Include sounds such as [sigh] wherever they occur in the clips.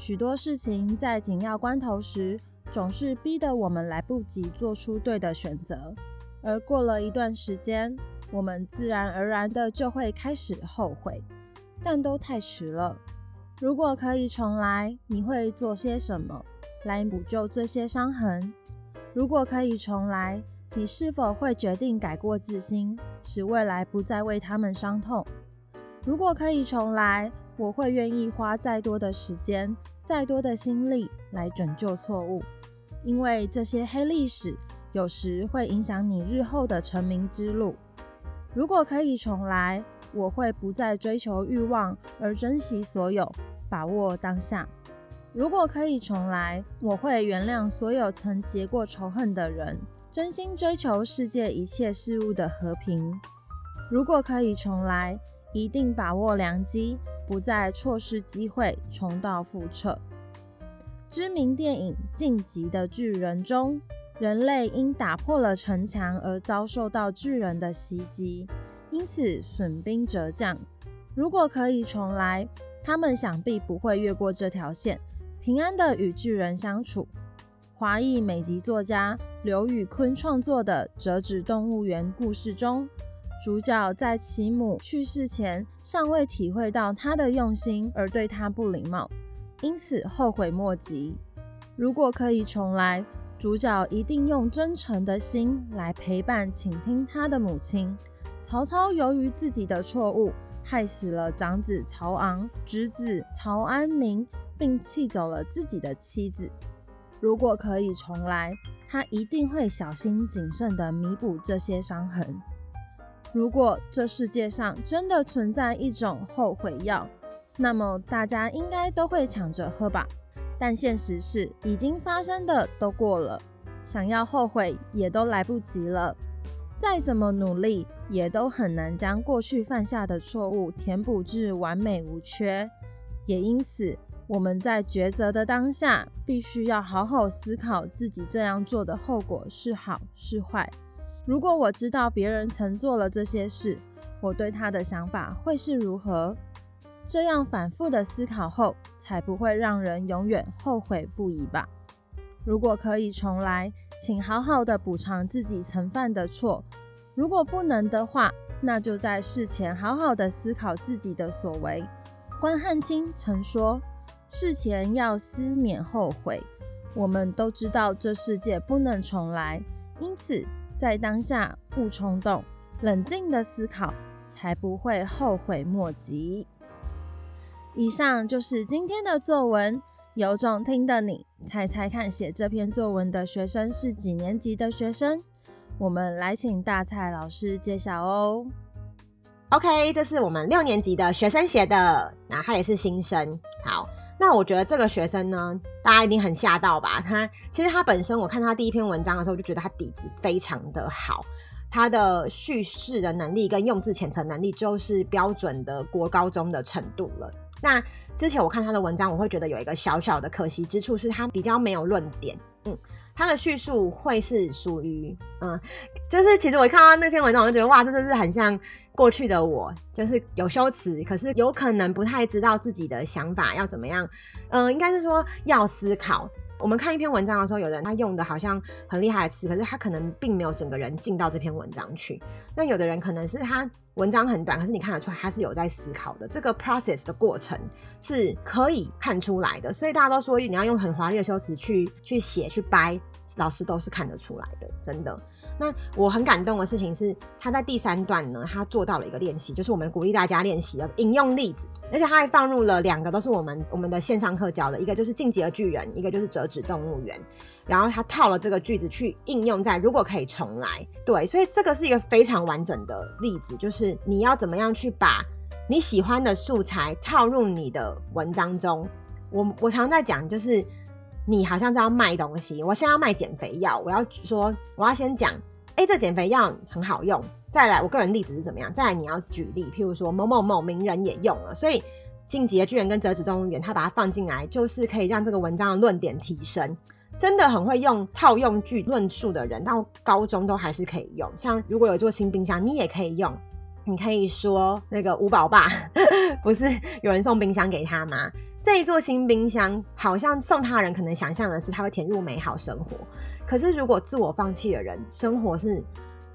許多事情在緊要關頭時，總是逼得我們來不及做出對的選擇。而過了一段時間，我們自然而然的就會開始後悔，但都太遲了。如果可以重來，你會做些什麼來補救這些傷痕？如果可以重來，你是否會決定改過自新，使未來不再為他們傷痛？如果可以重來，我會願意花再多的時間、再多的心力來拯救錯誤，因為這些黑歷史有時會影響你日後的成名之路。如果可以重來，我會不再追求慾望，而珍惜所有，把握當下。如果可以重來，我會原諒所有曾結過仇恨的人，真心追求世界一切事物的和平。如果可以重來，一定把握良機。不再錯失機會，重蹈覆轍。知名電影《進擊的巨人》中，人類因打破了城牆而遭受到巨人的襲擊，因此損兵折將。如果可以重來，他們想必不會越過這條線，平安的與巨人相處。華裔美籍作家劉宇昆創作的《折紙動物園》故事中。主角在其母去世前尚未體會到他的用心而對他不禮貌，因此後悔莫及。如果可以重來，主角一定用真誠的心來陪伴、傾聽他的母親。曹操由於自己的錯誤，害死了長子曹昂、侄子曹安民，並氣走了自己的妻子。如果可以重來，他一定會小心謹慎地彌補這些傷痕。如果這世界上真的存在一種後悔藥，那麼大家應該都會搶着喝吧。但現實是，已經發生的都過了，想要後悔也都來不及了。再怎麼努力，也都很難將過去犯下的錯誤填補至完美無缺。也因此，我們在抉擇的當下，必須要好好思考自己這樣做的後果是好是壞。如果我知道別人曾做了這些事，我對他的想法會是如何？這樣反覆的思考後，才不會讓人永遠後悔不已吧？如果可以重來，請好好的補償自己曾犯的錯；如果不能的話，那就在事前好好的思考自己的所為。關漢卿曾說：“事前要思免後悔。”我們都知道這世界不能重來，因此，在當下，不衝動，冷靜的思考，才不會後悔莫及。以上就是今天的作文，有種聽的你，猜猜看，寫這篇作文的學生是幾年級的學生？我們來請大蔡老師揭曉哦、喔。OK，這是我們六年級的學生寫的，那他也是新生。好。那我覺得這個學生呢，大家一定很嚇到吧？他其實他本身，我看他第一篇文章的時候，就覺得他底子非常的好，他的敘事的能力跟用字遣詞能力就是標準的國高中的程度了。那之前我看他的文章，我會覺得有一個小小的可惜之處，是他比較沒有論點。嗯，他的敘述會是屬於嗯，就是其實我一看到那篇文章，我就覺得哇，這真是很像過去的我，就是有修辭，可是有可能不太知道自己的想法要怎麼樣。嗯，應該是說要思考。我們看一篇文章的時候，有的人他用的好像很厲害的詞，可是他可能並沒有整個人進到這篇文章去。那有的人可能是他文章很短，可是你看得出來他是有在思考的，這個 process 的過程是可以看出來的。所以大家都說，你要用很華麗的修辭去去寫，去掰，老師都是看得出來的，真的。那我很感動的事情是，他在第三段呢，他做到了一個練習，就是我們鼓勵大家練習的引用例子，而且他還放入了兩個都是我們我們的線上課教的，一個就是《進擊的巨人》，一個就是《折紙動物園》，然後他套了這個句子去應用在“如果可以重來”，對，所以這個是一個非常完整的例子，就是你要怎麼樣去把你喜歡的素材套入你的文章中。我我常在講，就是你好像在要賣東西，我現在要賣減肥藥，我要說，我要先講。哎，這減肥藥很好用。再來，我個人例子是怎麼樣？再來，你要舉例，譬如說某某某名人也用了。所以，進擊的巨人跟折紙動物園，他把它放進來，就是可以讓這個文章的論點提升。真的很會用套用句論述的人，到高中都還是可以用。像如果有做新冰箱，你也可以用。你可以說那個五寶爸， [laughs] 不是有人送冰箱給他嗎？這一座新冰箱，好像送他人可能想象的是，他會填入美好生活。可是如果自我放棄的人，生活是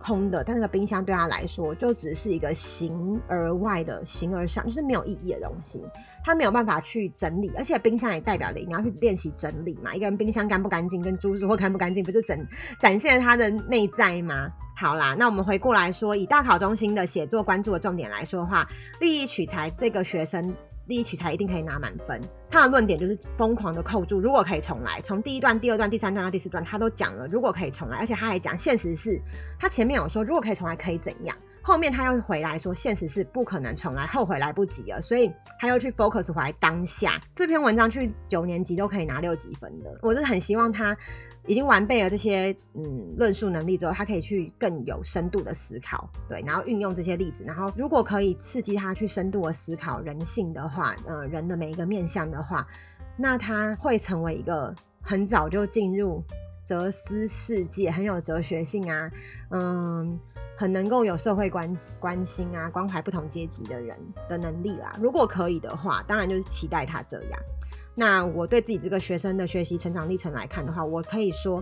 空的，但那個冰箱對他來說，就只是一個形而外的、形而上，就是沒有意義的東西。他沒有辦法去整理，而且冰箱也代表着你要去練習整理嘛。一個人冰箱乾不乾淨，跟桌子或乾不乾淨，不是展展現了他的內在嗎？好啦，那我們回過來說，以大考中心的寫作關注的重點來說的話，立意取材這個學生，立意取材一定可以拿滿分，他的論點就是瘋狂的扣住如果可以重來，從第一段、第二段、第三段到第四段，他都講了如果可以重來，而且他還講現實是，他前面有說如果可以重來可以怎樣。後面他又回來說，現實是不可能重來，後悔來不及了，所以他又去 focus 回來當下。這篇文章去九年級都可以拿六級分的，我是很希望他已經完備了這些嗯論述能力之後，他可以去更有深度的思考，對，然後運用這些例子，然後如果可以刺激他去深度的思考人性的話，呃人的每一個面向的話，那他會成為一個很早就進入哲思世界，很有哲學性啊，嗯。很能夠有社會關關心啊，關懷不同階級的人的能力啦、啊。如果可以的話，當然就是期待他這樣。那我對自己這個學生的學習成長歷程來看的話，我可以說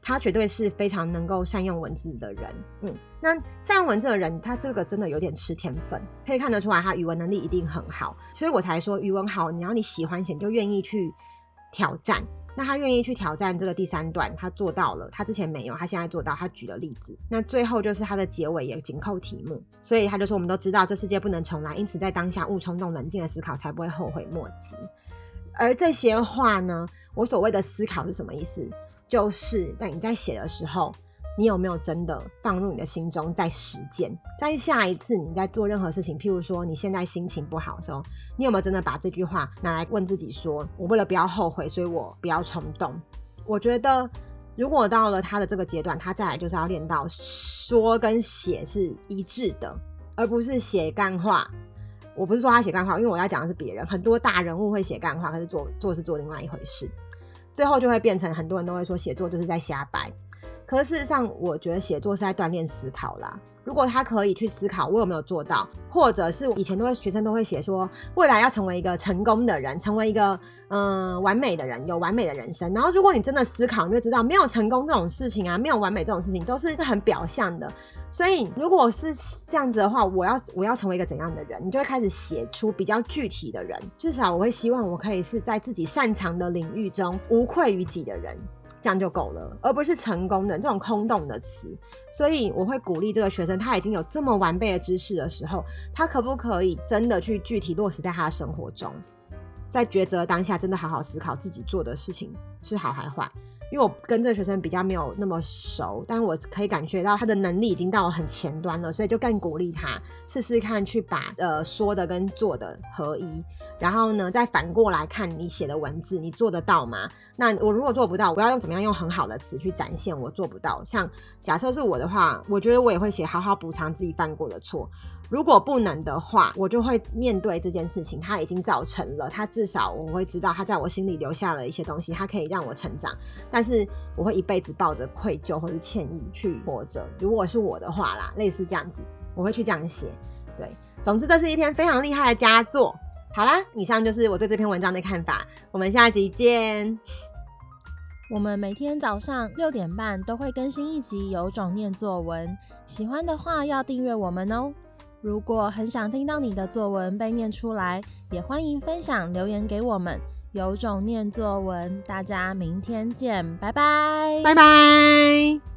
他絕對是非常能夠善用文字的人。嗯，那善用文字的人，他這個真的有點吃天分，可以看得出來他語文能力一定很好，所以我才說語文好，你要你喜歡寫，你就願意去挑戰。那他願意去挑戰這個第三段，他做到了，他之前沒有，他現在做到。他舉了例子，那最後就是他的結尾也緊扣題目，所以他就說：“我們都知道這世界不能重來，因此在當下勿衝動，冷靜的思考才不會後悔莫及。”而這些話呢，我所謂的思考是什麼意思？就是那你在寫的時候。你有沒有真的放入你的心中，在實踐？在下一次你在做任何事情，譬如說你現在心情不好的時候，你有沒有真的把這句話拿來問自己說：“我為了不要後悔，所以我不要衝動。”我覺得，如果到了他的這個階段，他再來就是要練到說跟寫是一致的，而不是寫幹話。我不是說他寫幹話，因為我要講的是別人，很多大人物會寫幹話，可是做做是做另外一回事，最後就會變成很多人都會說寫作就是在瞎掰。可事實上，我覺得寫作是在鍛鍊思考啦。如果他可以去思考，我有沒有做到？或者是以前都會學生都會寫說，未來要成為一個成功的人，成為一個嗯、呃、完美的人，有完美的人生。然後如果你真的思考，你就知道沒有成功這種事情啊，沒有完美這種事情，都是一個很表象的。所以如果是這樣子的話，我要我要成為一個怎樣的人？你就會開始寫出比較具體的人。至少我會希望我可以是在自己擅長的領域中無愧於己的人。這樣就夠了，而不是成功的這種空洞的詞。所以我會鼓勵這個學生，他已經有這麼完備的知識的時候，他可不可以真的去具體落實在他的生活中，在抉擇當下，真的好好思考自己做的事情是好還壞？因為我跟這個學生比較沒有那麼熟，但我可以感覺到他的能力已經到我很前端了，所以就更鼓勵他試試看去把呃說的跟做的合一。然後呢，再反過來看你寫的文字，你做得到嗎？那我如果做不到，我要用怎麼樣用很好的詞去展現我做不到？像假設是我的話，我覺得我也會寫好好補償自己犯過的錯。如果不能的話，我就會面對這件事情，它已經造成了，它至少我會知道它在我心裡留下了一些東西，它可以讓我成長。但是我會一輩子抱着愧疚或是歉意去活着。如果是我的話啦，類似這樣子，我會去這樣寫。對，總之這是一篇非常厲害的佳作。好啦，以上就是我對這篇文章的看法。我們下集見。我們每天早上六點半都會更新一集《有種念作文》，喜歡的話要訂閱我們哦、喔。如果很想聽到你的作文被念出來，也歡迎分享留言給我們。《有種念作文》，大家明天見，拜拜，拜拜。